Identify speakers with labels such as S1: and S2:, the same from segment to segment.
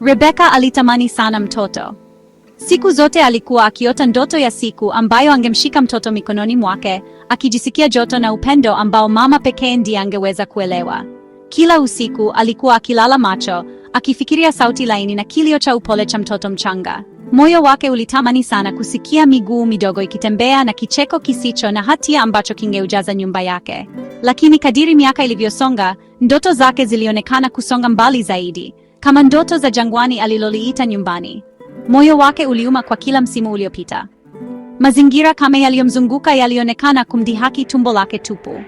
S1: Rebeka alitamani sana mtoto. Siku zote alikuwa akiota ndoto ya siku ambayo angemshika mtoto mikononi mwake, akijisikia joto na upendo ambao mama pekee ndiye angeweza kuelewa. Kila usiku alikuwa akilala macho akifikiria sauti laini na kilio cha upole cha mtoto mchanga. Moyo wake ulitamani sana kusikia miguu midogo ikitembea na kicheko kisicho na hatia ambacho kingeujaza nyumba yake. Lakini kadiri miaka ilivyosonga, ndoto zake zilionekana kusonga mbali zaidi, kama ndoto za jangwani aliloliita nyumbani. Moyo wake uliuma kwa kila msimu uliopita. Mazingira kama yaliyomzunguka yalionekana kumdhihaki tumbo lake tupu.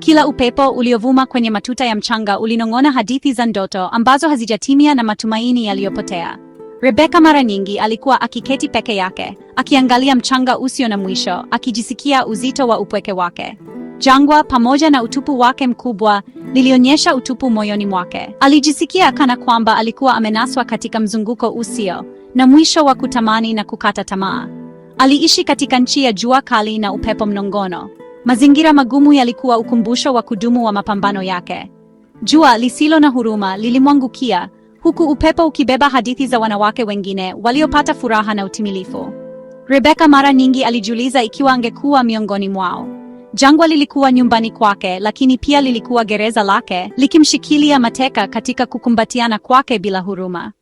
S1: Kila upepo uliovuma kwenye matuta ya mchanga ulinong'ona hadithi za ndoto ambazo hazijatimia na matumaini yaliyopotea. Rebeka mara nyingi alikuwa akiketi peke yake, akiangalia mchanga usio na mwisho, akijisikia uzito wa upweke wake. Jangwa pamoja na utupu wake mkubwa lilionyesha utupu moyoni mwake. Alijisikia kana kwamba alikuwa amenaswa katika mzunguko usio na mwisho wa kutamani na kukata tamaa. Aliishi katika nchi ya jua kali na upepo mnongono. Mazingira magumu yalikuwa ukumbusho wa kudumu wa mapambano yake. Jua lisilo na huruma lilimwangukia, huku upepo ukibeba hadithi za wanawake wengine waliopata furaha na utimilifu. Rebeka mara nyingi alijiuliza ikiwa angekuwa miongoni mwao. Jangwa lilikuwa nyumbani kwake, lakini pia lilikuwa gereza lake, likimshikilia mateka katika kukumbatiana kwake bila huruma.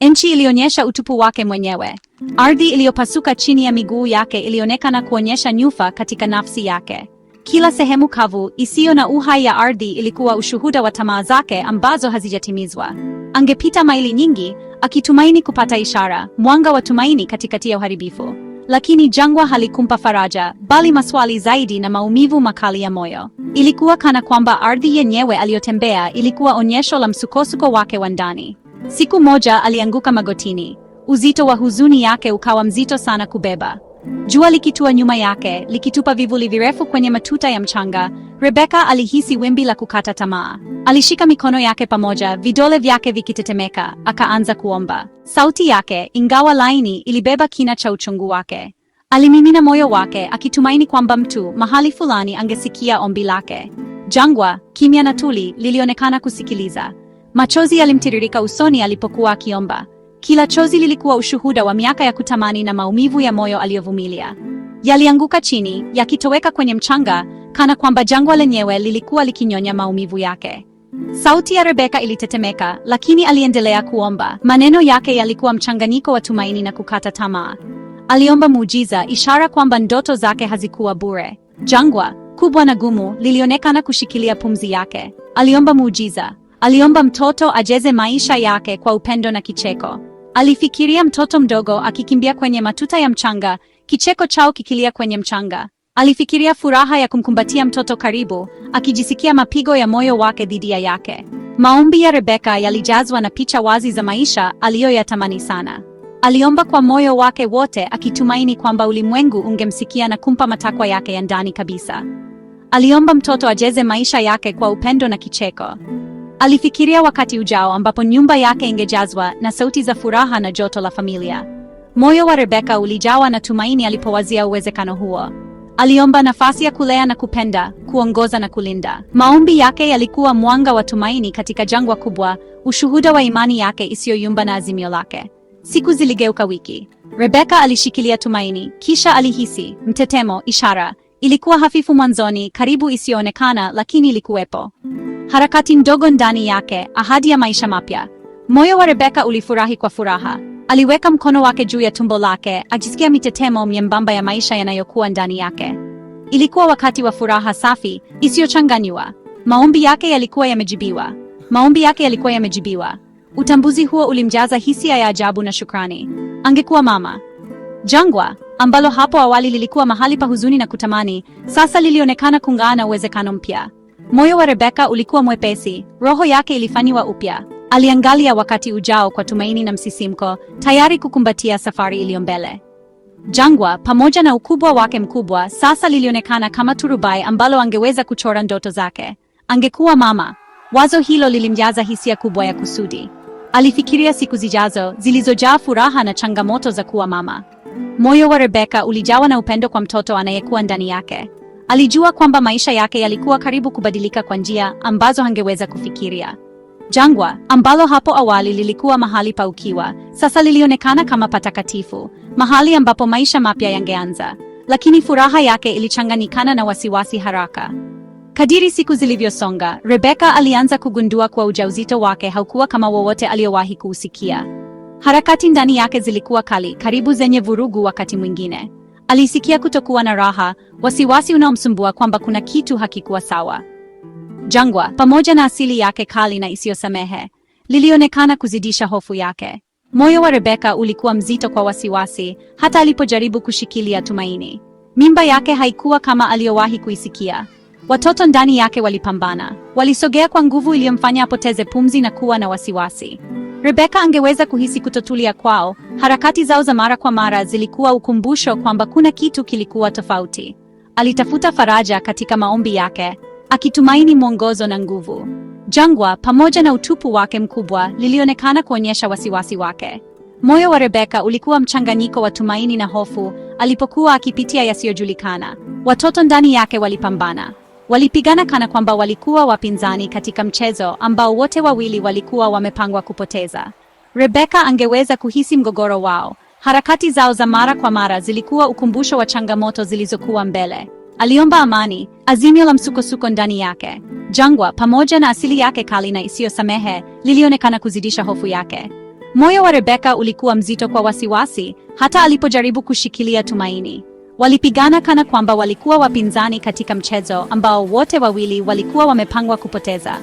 S1: Nchi ilionyesha utupu wake mwenyewe. Ardhi iliyopasuka chini ya miguu yake ilionekana kuonyesha nyufa katika nafsi yake. Kila sehemu kavu isiyo na uhai ya ardhi ilikuwa ushuhuda wa tamaa zake ambazo hazijatimizwa. Angepita maili nyingi akitumaini kupata ishara, mwanga wa tumaini katikati ya uharibifu, lakini jangwa halikumpa faraja, bali maswali zaidi na maumivu makali ya moyo. Ilikuwa kana kwamba ardhi yenyewe aliyotembea ilikuwa onyesho la msukosuko wake wa ndani. Siku moja alianguka magotini, uzito wa huzuni yake ukawa mzito sana kubeba. Jua likitua nyuma yake, likitupa vivuli virefu kwenye matuta ya mchanga, Rebeka alihisi wimbi la kukata tamaa. Alishika mikono yake pamoja, vidole vyake vikitetemeka, akaanza kuomba. Sauti yake, ingawa laini, ilibeba kina cha uchungu wake. Alimimina moyo wake, akitumaini kwamba mtu mahali fulani angesikia ombi lake. Jangwa, kimya na tuli, lilionekana kusikiliza. Machozi yalimtiririka usoni alipokuwa akiomba. Kila chozi lilikuwa ushuhuda wa miaka ya kutamani na maumivu ya moyo aliyovumilia. Yalianguka chini, yakitoweka kwenye mchanga, kana kwamba jangwa lenyewe lilikuwa likinyonya maumivu yake. Sauti ya Rebeka ilitetemeka, lakini aliendelea kuomba. Maneno yake yalikuwa mchanganyiko wa tumaini na kukata tamaa. Aliomba muujiza, ishara kwamba ndoto zake hazikuwa bure. Jangwa kubwa na gumu lilionekana kushikilia pumzi yake. Aliomba muujiza, aliomba mtoto ajeze maisha yake kwa upendo na kicheko. Alifikiria mtoto mdogo akikimbia kwenye matuta ya mchanga, kicheko chao kikilia kwenye mchanga. Alifikiria furaha ya kumkumbatia mtoto karibu, akijisikia mapigo ya moyo wake dhidi ya yake. Maombi ya Rebeka yalijazwa na picha wazi za maisha aliyoyatamani sana. Aliomba kwa moyo wake wote, akitumaini kwamba ulimwengu ungemsikia na kumpa matakwa yake ya ndani kabisa. Aliomba mtoto ajeze maisha yake kwa upendo na kicheko. Alifikiria wakati ujao ambapo nyumba yake ingejazwa na sauti za furaha na joto la familia. Moyo wa Rebeka ulijawa na tumaini alipowazia uwezekano huo. Aliomba nafasi ya kulea na kupenda, kuongoza na kulinda. Maombi yake yalikuwa mwanga wa tumaini katika jangwa kubwa, ushuhuda wa imani yake isiyoyumba na azimio lake. Siku ziligeuka wiki. Rebeka alishikilia tumaini, kisha alihisi mtetemo, ishara. Ilikuwa hafifu mwanzoni, karibu isiyoonekana, lakini ilikuwepo harakati ndogo ndani yake, ahadi ya maisha mapya. Moyo wa Rebeka ulifurahi kwa furaha. Aliweka mkono wake juu ya tumbo lake, akisikia mitetemo myembamba ya maisha yanayokuwa ndani yake. Ilikuwa wakati wa furaha safi isiyochanganywa. Maombi yake yalikuwa yamejibiwa, maombi yake yalikuwa yamejibiwa. Utambuzi huo ulimjaza hisia ya ajabu na shukrani. Angekuwa mama. Jangwa ambalo hapo awali lilikuwa mahali pa huzuni na kutamani, sasa lilionekana kung'aa na uwezekano mpya. Moyo wa Rebeka ulikuwa mwepesi, roho yake ilifanywa upya. Aliangalia wakati ujao kwa tumaini na msisimko, tayari kukumbatia safari iliyo mbele. Jangwa, pamoja na ukubwa wake mkubwa, sasa lilionekana kama turubai ambalo angeweza kuchora ndoto zake. Angekuwa mama. Wazo hilo lilimjaza hisia kubwa ya kusudi. Alifikiria siku zijazo zilizojaa furaha na changamoto za kuwa mama. Moyo wa Rebeka ulijawa na upendo kwa mtoto anayekuwa ndani yake. Alijua kwamba maisha yake yalikuwa karibu kubadilika kwa njia ambazo hangeweza kufikiria. Jangwa ambalo hapo awali lilikuwa mahali pa ukiwa, sasa lilionekana kama patakatifu, mahali ambapo maisha mapya yangeanza. Lakini furaha yake ilichanganyikana na wasiwasi haraka. Kadiri siku zilivyosonga, Rebeka alianza kugundua kuwa ujauzito wake haukuwa kama wowote aliyowahi kuusikia. Harakati ndani yake zilikuwa kali, karibu zenye vurugu wakati mwingine alisikia kutokuwa na raha, wasiwasi unaomsumbua kwamba kuna kitu hakikuwa sawa. Jangwa, pamoja na asili yake kali na isiyosamehe, lilionekana kuzidisha hofu yake. Moyo wa Rebeka ulikuwa mzito kwa wasiwasi, hata alipojaribu kushikilia tumaini. Mimba yake haikuwa kama aliyowahi kuisikia. Watoto ndani yake walipambana, walisogea kwa nguvu iliyomfanya apoteze pumzi na kuwa na wasiwasi. Rebeka angeweza kuhisi kutotulia kwao. Harakati zao za mara kwa mara zilikuwa ukumbusho kwamba kuna kitu kilikuwa tofauti. Alitafuta faraja katika maombi yake, akitumaini mwongozo na nguvu. Jangwa pamoja na utupu wake mkubwa lilionekana kuonyesha wasiwasi wake. Moyo wa Rebeka ulikuwa mchanganyiko wa tumaini na hofu alipokuwa akipitia yasiyojulikana. Watoto ndani yake walipambana. Walipigana kana kwamba walikuwa wapinzani katika mchezo ambao wote wawili walikuwa wamepangwa kupoteza. Rebeka angeweza kuhisi mgogoro wao. Harakati zao za mara kwa mara zilikuwa ukumbusho wa changamoto zilizokuwa mbele. Aliomba amani, azimio la msukosuko ndani yake. Jangwa pamoja na asili yake kali na isiyosamehe lilionekana kuzidisha hofu yake. Moyo wa Rebeka ulikuwa mzito kwa wasiwasi, hata alipojaribu kushikilia tumaini. Walipigana kana kwamba walikuwa wapinzani katika mchezo ambao wote wawili walikuwa wamepangwa kupoteza.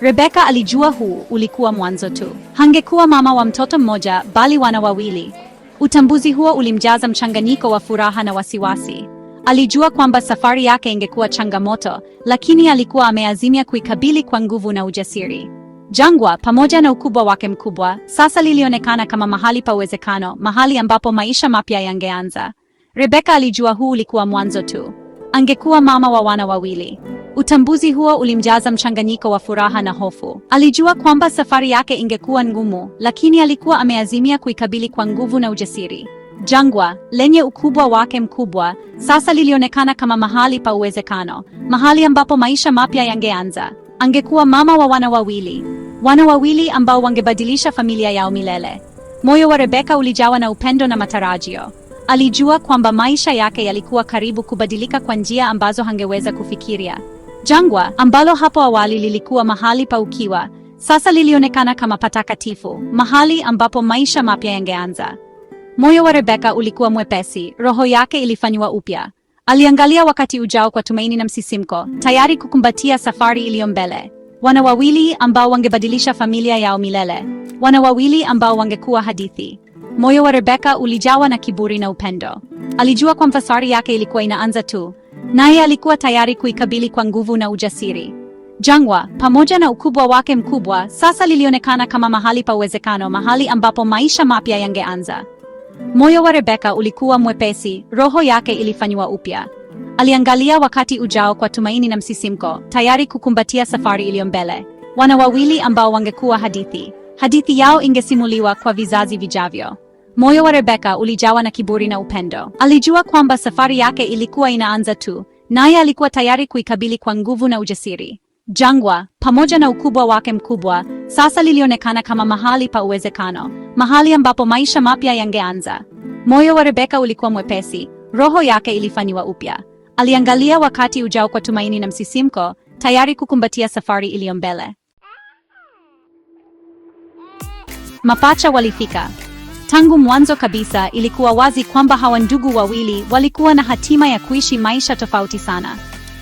S1: Rebeka alijua huu ulikuwa mwanzo tu. Hangekuwa mama wa mtoto mmoja bali wana wawili. Utambuzi huo ulimjaza mchanganyiko wa furaha na wasiwasi. Alijua kwamba safari yake ingekuwa changamoto, lakini alikuwa ameazimia kuikabili kwa nguvu na ujasiri. Jangwa, pamoja na ukubwa wake mkubwa, sasa lilionekana kama mahali pa uwezekano, mahali ambapo maisha mapya yangeanza. Rebeka alijua huu ulikuwa mwanzo tu. Angekuwa mama wa wana wawili. Utambuzi huo ulimjaza mchanganyiko wa furaha na hofu. Alijua kwamba safari yake ingekuwa ngumu, lakini alikuwa ameazimia kuikabili kwa nguvu na ujasiri. Jangwa lenye ukubwa wake mkubwa sasa lilionekana kama mahali pa uwezekano, mahali ambapo maisha mapya yangeanza. Angekuwa mama wa wana wawili, wana wawili ambao wangebadilisha familia yao milele. Moyo wa Rebeka ulijawa na upendo na matarajio. Alijua kwamba maisha yake yalikuwa karibu kubadilika kwa njia ambazo hangeweza kufikiria. Jangwa ambalo hapo awali lilikuwa mahali pa ukiwa, sasa lilionekana kama patakatifu, mahali ambapo maisha mapya yangeanza. Moyo wa Rebeka ulikuwa mwepesi, roho yake ilifanywa upya. Aliangalia wakati ujao kwa tumaini na msisimko, tayari kukumbatia safari iliyo mbele. Wana wawili ambao wangebadilisha familia yao milele. Wana wawili ambao wangekuwa hadithi. Moyo wa Rebeka ulijawa na kiburi na upendo. Alijua kwamba safari yake ilikuwa inaanza tu, naye alikuwa tayari kuikabili kwa nguvu na ujasiri. Jangwa, pamoja na ukubwa wake mkubwa, sasa lilionekana kama mahali pa uwezekano, mahali ambapo maisha mapya yangeanza. Moyo wa Rebeka ulikuwa mwepesi, roho yake ilifanywa upya. Aliangalia wakati ujao kwa tumaini na msisimko, tayari kukumbatia safari iliyo mbele, wana wawili ambao wangekuwa hadithi hadithi yao ingesimuliwa kwa vizazi vijavyo. Moyo wa Rebeka ulijawa na kiburi na upendo. Alijua kwamba safari yake ilikuwa inaanza tu, naye alikuwa tayari kuikabili kwa nguvu na ujasiri. Jangwa, pamoja na ukubwa wake mkubwa, sasa lilionekana kama mahali pa uwezekano, mahali ambapo maisha mapya yangeanza. Moyo wa Rebeka ulikuwa mwepesi, roho yake ilifanywa upya. Aliangalia wakati ujao kwa tumaini na msisimko, tayari kukumbatia safari iliyo mbele.
S2: mapacha walifika. Tangu mwanzo kabisa ilikuwa wazi kwamba hawa ndugu wawili walikuwa na hatima ya kuishi maisha tofauti sana.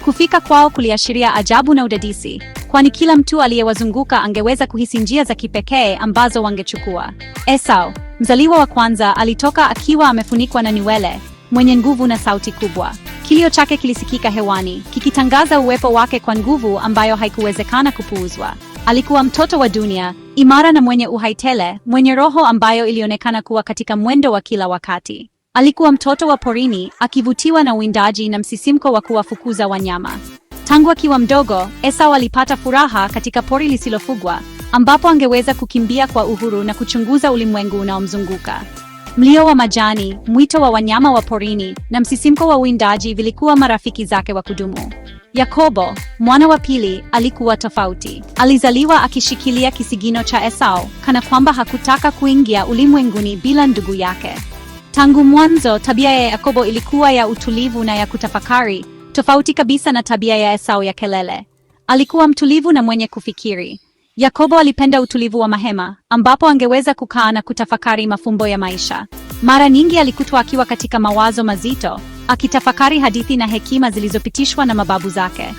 S2: Kufika kwao kuliashiria ajabu na udadisi, kwani kila mtu aliyewazunguka angeweza kuhisi njia za kipekee ambazo wangechukua. Esau, mzaliwa wa kwanza, alitoka akiwa amefunikwa na nywele, mwenye nguvu na sauti kubwa. Kilio chake kilisikika hewani, kikitangaza uwepo wake kwa nguvu ambayo haikuwezekana kupuuzwa. Alikuwa mtoto wa dunia, imara na mwenye uhai tele, mwenye roho ambayo ilionekana kuwa katika mwendo wa kila wakati. Alikuwa mtoto wa porini, akivutiwa na uwindaji na msisimko wa kuwafukuza wanyama. Tangu akiwa mdogo, Esau alipata furaha katika pori lisilofugwa, ambapo angeweza kukimbia kwa uhuru na kuchunguza ulimwengu unaomzunguka. Mlio wa majani, mwito wa wanyama wa porini na msisimko wa uwindaji vilikuwa marafiki zake wa kudumu. Yakobo, mwana wa pili, alikuwa tofauti. Alizaliwa akishikilia kisigino cha Esau, kana kwamba hakutaka kuingia ulimwenguni bila ndugu yake. Tangu mwanzo, tabia ya Yakobo ilikuwa ya utulivu na ya kutafakari, tofauti kabisa na tabia ya Esau ya kelele. Alikuwa mtulivu na mwenye kufikiri. Yakobo alipenda utulivu wa mahema, ambapo angeweza kukaa na kutafakari mafumbo ya maisha. Mara nyingi alikutwa akiwa katika mawazo mazito, akitafakari hadithi na hekima zilizopitishwa na mababu zake.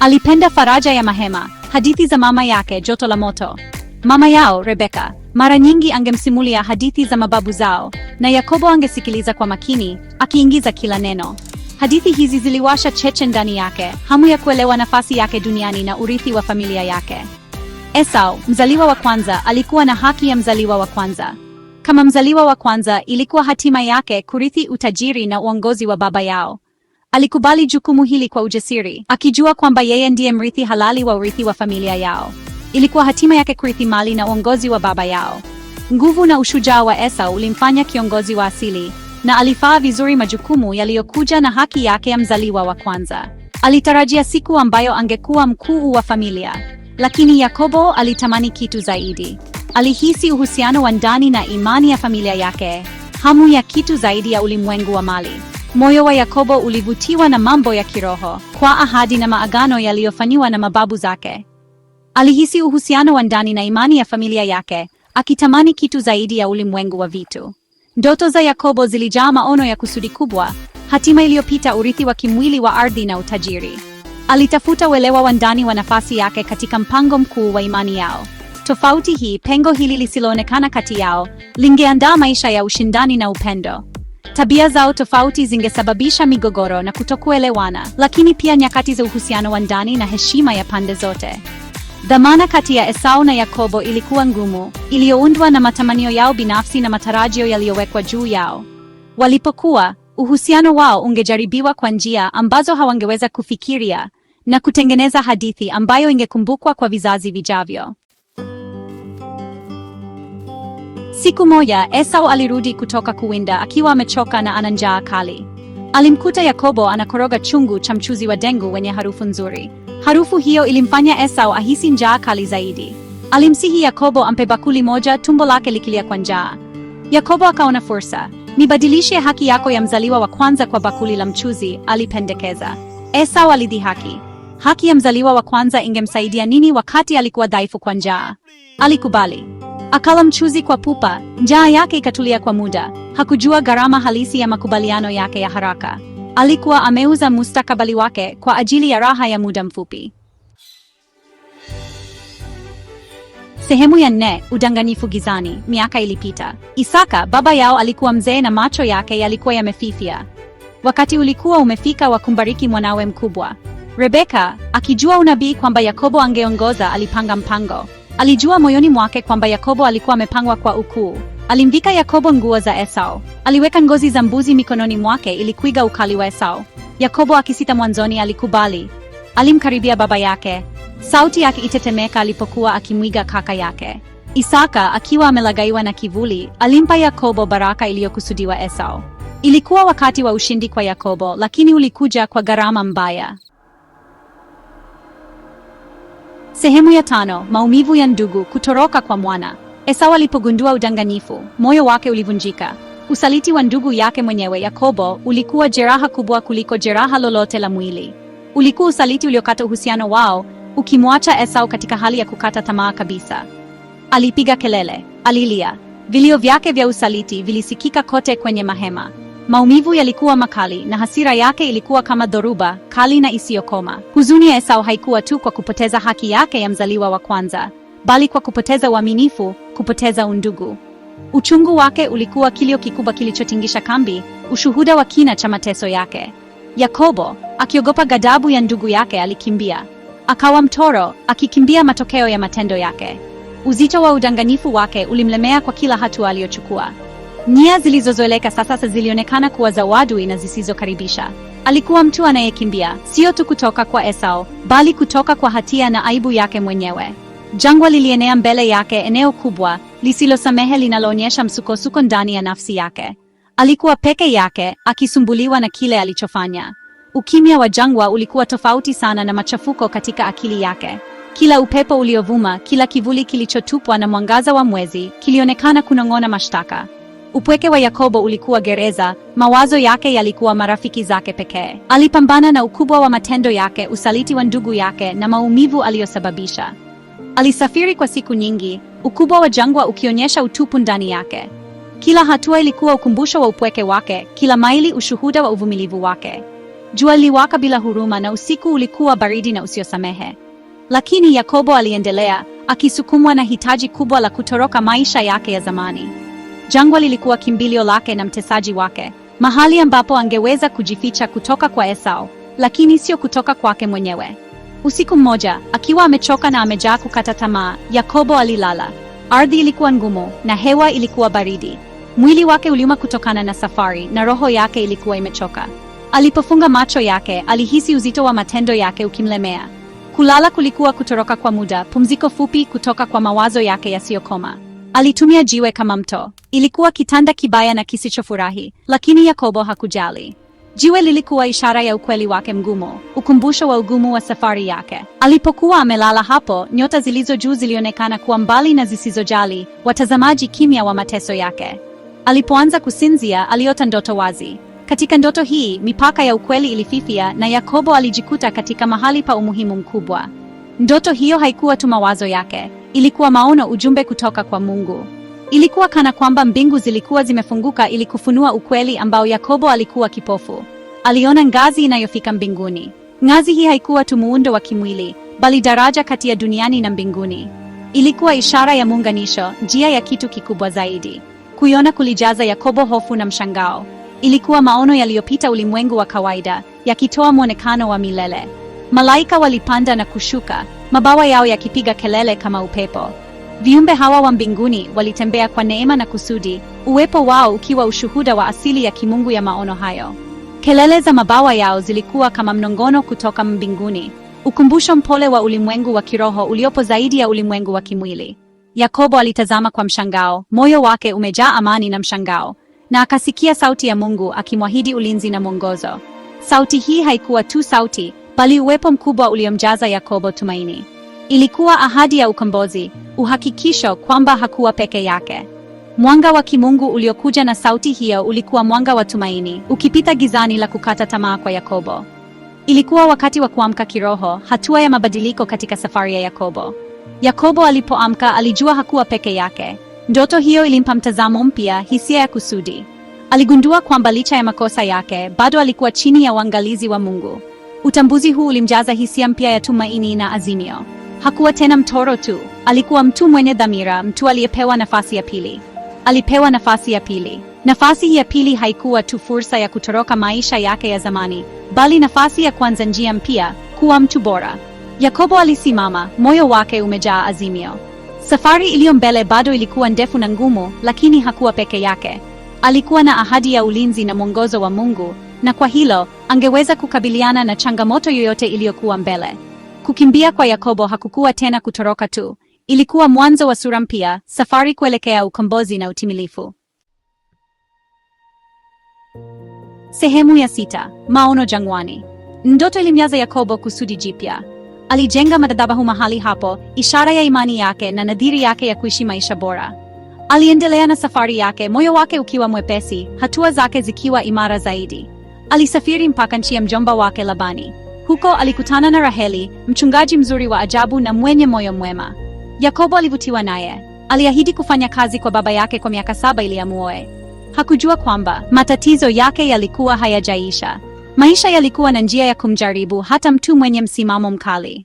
S2: Alipenda faraja ya mahema, hadithi za mama yake Joto la Moto. Mama yao Rebeka mara nyingi angemsimulia hadithi za mababu zao, na Yakobo angesikiliza kwa makini, akiingiza kila neno. Hadithi hizi ziliwasha cheche ndani yake, hamu ya kuelewa nafasi yake duniani na urithi wa familia yake. Esau, mzaliwa wa kwanza, alikuwa na haki ya mzaliwa wa kwanza. Kama mzaliwa wa kwanza, ilikuwa hatima yake kurithi utajiri na uongozi wa baba yao. Alikubali jukumu hili kwa ujasiri, akijua kwamba yeye ndiye mrithi halali wa urithi wa familia yao. Ilikuwa hatima yake kurithi mali na uongozi wa baba yao. Nguvu na ushujaa wa Esau ulimfanya kiongozi wa asili, na alifaa vizuri majukumu yaliyokuja na haki yake ya mzaliwa wa kwanza. Alitarajia siku ambayo angekuwa mkuu wa familia, lakini Yakobo alitamani kitu zaidi. Alihisi uhusiano wa ndani na imani ya familia yake, hamu ya kitu zaidi ya ulimwengu wa mali. Moyo wa Yakobo ulivutiwa na mambo ya kiroho, kwa ahadi na maagano yaliyofanyiwa na mababu zake. Alihisi uhusiano wa ndani na imani ya familia yake, akitamani kitu zaidi ya ulimwengu wa vitu. Ndoto za Yakobo zilijaa maono ya kusudi kubwa, hatima iliyopita urithi wa kimwili wa ardhi na utajiri. Alitafuta uelewa wa ndani wa nafasi yake katika mpango mkuu wa imani yao. Tofauti hii, pengo hili lisiloonekana kati yao, lingeandaa maisha ya ushindani na upendo. Tabia zao tofauti zingesababisha migogoro na kutokuelewana, lakini pia nyakati za uhusiano wa ndani na heshima ya pande zote. Dhamana kati ya Esau na Yakobo ilikuwa ngumu, iliyoundwa na matamanio yao binafsi na matarajio yaliyowekwa juu yao. Walipokuwa, uhusiano wao ungejaribiwa kwa njia ambazo hawangeweza kufikiria na kutengeneza hadithi ambayo ingekumbukwa kwa vizazi vijavyo. Siku moja Esau alirudi kutoka kuwinda akiwa amechoka na ana njaa kali. Alimkuta Yakobo anakoroga chungu cha mchuzi wa dengu wenye harufu nzuri. Harufu hiyo ilimfanya Esau ahisi njaa kali zaidi. Alimsihi Yakobo ampe bakuli moja, tumbo lake likilia kwa njaa. Yakobo akaona fursa. Nibadilishe haki yako ya mzaliwa wa kwanza kwa bakuli la mchuzi, alipendekeza. Esau alidhihaki. Haki ya mzaliwa wa kwanza ingemsaidia nini wakati alikuwa dhaifu kwa njaa? Alikubali. Akala mchuzi kwa pupa, njaa yake ikatulia kwa muda. Hakujua gharama halisi ya makubaliano yake ya haraka. Alikuwa ameuza mustakabali wake kwa ajili ya raha ya muda mfupi. Sehemu ya nne: udanganyifu gizani. Miaka ilipita. Isaka baba yao alikuwa mzee na macho yake yalikuwa yamefifia. Wakati ulikuwa umefika wa kumbariki mwanawe mkubwa. Rebeka, akijua unabii kwamba Yakobo angeongoza, alipanga mpango. Alijua moyoni mwake kwamba Yakobo alikuwa amepangwa kwa ukuu. Alimvika Yakobo nguo za Esau, aliweka ngozi za mbuzi mikononi mwake ili kuiga ukali wa Esau. Yakobo akisita mwanzoni, alikubali. Alimkaribia baba yake, sauti yake itetemeka alipokuwa akimwiga kaka yake Isaka. Akiwa amelagaiwa na kivuli, alimpa Yakobo baraka iliyokusudiwa Esau. Ilikuwa wakati wa ushindi kwa Yakobo, lakini ulikuja kwa gharama mbaya. Sehemu ya tano: maumivu ya ndugu, kutoroka kwa mwana. Esau alipogundua udanganyifu, moyo wake ulivunjika. Usaliti wa ndugu yake mwenyewe Yakobo ulikuwa jeraha kubwa kuliko jeraha lolote la mwili. Ulikuwa usaliti uliokata uhusiano wao, ukimwacha Esau katika hali ya kukata tamaa kabisa. Alipiga kelele, alilia. Vilio vyake vya usaliti vilisikika kote kwenye mahema. Maumivu yalikuwa makali na hasira yake ilikuwa kama dhoruba kali na isiyokoma. Huzuni ya Esau haikuwa tu kwa kupoteza haki yake ya mzaliwa wa kwanza, bali kwa kupoteza uaminifu, kupoteza undugu. Uchungu wake ulikuwa kilio kikubwa kilichotingisha kambi, ushuhuda wa kina cha mateso yake. Yakobo, akiogopa ghadhabu ya ndugu yake, alikimbia. Akawa mtoro, akikimbia matokeo ya matendo yake. Uzito wa udanganyifu wake ulimlemea kwa kila hatua aliyochukua. Nia zilizozoeleka sasa zilionekana kuwa za wadui na zisizokaribisha. Alikuwa mtu anayekimbia sio tu kutoka kwa Esau, bali kutoka kwa hatia na aibu yake mwenyewe. Jangwa lilienea mbele yake, eneo kubwa lisilosamehe linaloonyesha msukosuko ndani ya nafsi yake. Alikuwa peke yake akisumbuliwa na kile alichofanya. Ukimya wa jangwa ulikuwa tofauti sana na machafuko katika akili yake. Kila upepo uliovuma, kila kivuli kilichotupwa na mwangaza wa mwezi kilionekana kunong'ona mashtaka. Upweke wa Yakobo ulikuwa gereza, mawazo yake yalikuwa marafiki zake pekee. Alipambana na ukubwa wa matendo yake, usaliti wa ndugu yake na maumivu aliyosababisha. Alisafiri kwa siku nyingi, ukubwa wa jangwa ukionyesha utupu ndani yake. Kila hatua ilikuwa ukumbusho wa upweke wake, kila maili ushuhuda wa uvumilivu wake. Jua liwaka bila huruma na usiku ulikuwa baridi na usiosamehe. Lakini Yakobo aliendelea, akisukumwa na hitaji kubwa la kutoroka maisha yake ya zamani. Jangwa lilikuwa kimbilio lake na mtesaji wake, mahali ambapo angeweza kujificha kutoka kwa Esau, lakini sio kutoka kwake mwenyewe. Usiku mmoja, akiwa amechoka na amejaa kukata tamaa, Yakobo alilala. Ardhi ilikuwa ngumu na hewa ilikuwa baridi. Mwili wake uliuma kutokana na safari na roho yake ilikuwa imechoka. Alipofunga macho yake, alihisi uzito wa matendo yake ukimlemea. Kulala kulikuwa kutoroka kwa muda, pumziko fupi kutoka kwa mawazo yake yasiyokoma. Alitumia jiwe kama mto. Ilikuwa kitanda kibaya na kisichofurahi, lakini Yakobo hakujali. Jiwe lilikuwa ishara ya ukweli wake mgumu, ukumbusho wa ugumu wa safari yake. Alipokuwa amelala hapo, nyota zilizo juu zilionekana kuwa mbali na zisizojali, watazamaji kimya wa mateso yake. Alipoanza kusinzia, aliota ndoto wazi. Katika ndoto hii, mipaka ya ukweli ilififia na Yakobo alijikuta katika mahali pa umuhimu mkubwa. Ndoto hiyo haikuwa tu mawazo yake ilikuwa maono, ujumbe kutoka kwa Mungu. Ilikuwa kana kwamba mbingu zilikuwa zimefunguka ili kufunua ukweli ambao Yakobo alikuwa kipofu. Aliona ngazi inayofika mbinguni. Ngazi hii haikuwa tu muundo wa kimwili, bali daraja kati ya duniani na mbinguni. Ilikuwa ishara ya muunganisho, njia ya kitu kikubwa zaidi. Kuiona kulijaza Yakobo hofu na mshangao. Ilikuwa maono yaliyopita ulimwengu wa kawaida, yakitoa mwonekano wa milele. Malaika walipanda na kushuka, mabawa yao yakipiga kelele kama upepo. Viumbe hawa wa mbinguni walitembea kwa neema na kusudi, uwepo wao ukiwa ushuhuda wa asili ya kimungu ya maono hayo. Kelele za mabawa yao zilikuwa kama mnongono kutoka mbinguni, ukumbusho mpole wa ulimwengu wa kiroho uliopo zaidi ya ulimwengu wa kimwili. Yakobo alitazama kwa mshangao, moyo wake umejaa amani na mshangao, na akasikia sauti ya Mungu akimwahidi ulinzi na mwongozo. Sauti hii haikuwa tu sauti bali uwepo mkubwa uliomjaza Yakobo tumaini. Ilikuwa ahadi ya ukombozi, uhakikisho kwamba hakuwa peke yake. Mwanga wa kimungu uliokuja na sauti hiyo ulikuwa mwanga wa tumaini, ukipita gizani la kukata tamaa kwa Yakobo. Ilikuwa wakati wa kuamka kiroho, hatua ya mabadiliko katika safari ya Yakobo. Yakobo alipoamka alijua hakuwa peke yake. Ndoto hiyo ilimpa mtazamo mpya, hisia ya kusudi. Aligundua kwamba licha ya makosa yake, bado alikuwa chini ya uangalizi wa Mungu. Utambuzi huu ulimjaza hisia mpya ya tumaini na azimio. Hakuwa tena mtoro tu, alikuwa mtu mwenye dhamira, mtu aliyepewa nafasi ya pili. Alipewa nafasi ya pili. Nafasi ya pili haikuwa tu fursa ya kutoroka maisha yake ya zamani, bali nafasi ya kuanza njia mpya, kuwa mtu bora. Yakobo alisimama, moyo wake umejaa azimio. Safari iliyo mbele bado ilikuwa ndefu na ngumu, lakini hakuwa peke yake. Alikuwa na ahadi ya ulinzi na mwongozo wa Mungu, na kwa hilo angeweza kukabiliana na changamoto yoyote iliyokuwa mbele. Kukimbia kwa Yakobo hakukuwa tena kutoroka tu, ilikuwa mwanzo wa sura mpya, safari kuelekea ukombozi na utimilifu. Sehemu ya sita: maono jangwani. Ndoto ilimjaza Yakobo kusudi jipya. Alijenga madhabahu mahali hapo, ishara ya imani yake na nadhiri yake ya kuishi maisha bora. Aliendelea na safari yake, moyo wake ukiwa mwepesi, hatua zake zikiwa imara zaidi. Alisafiri mpaka nchi ya mjomba wake Labani. Huko alikutana na Raheli, mchungaji mzuri wa ajabu na mwenye moyo mwema. Yakobo alivutiwa naye. Aliahidi kufanya kazi kwa baba yake kwa miaka saba ili amuoe. Hakujua kwamba matatizo yake yalikuwa hayajaisha. Maisha yalikuwa na njia ya kumjaribu hata mtu mwenye msimamo mkali.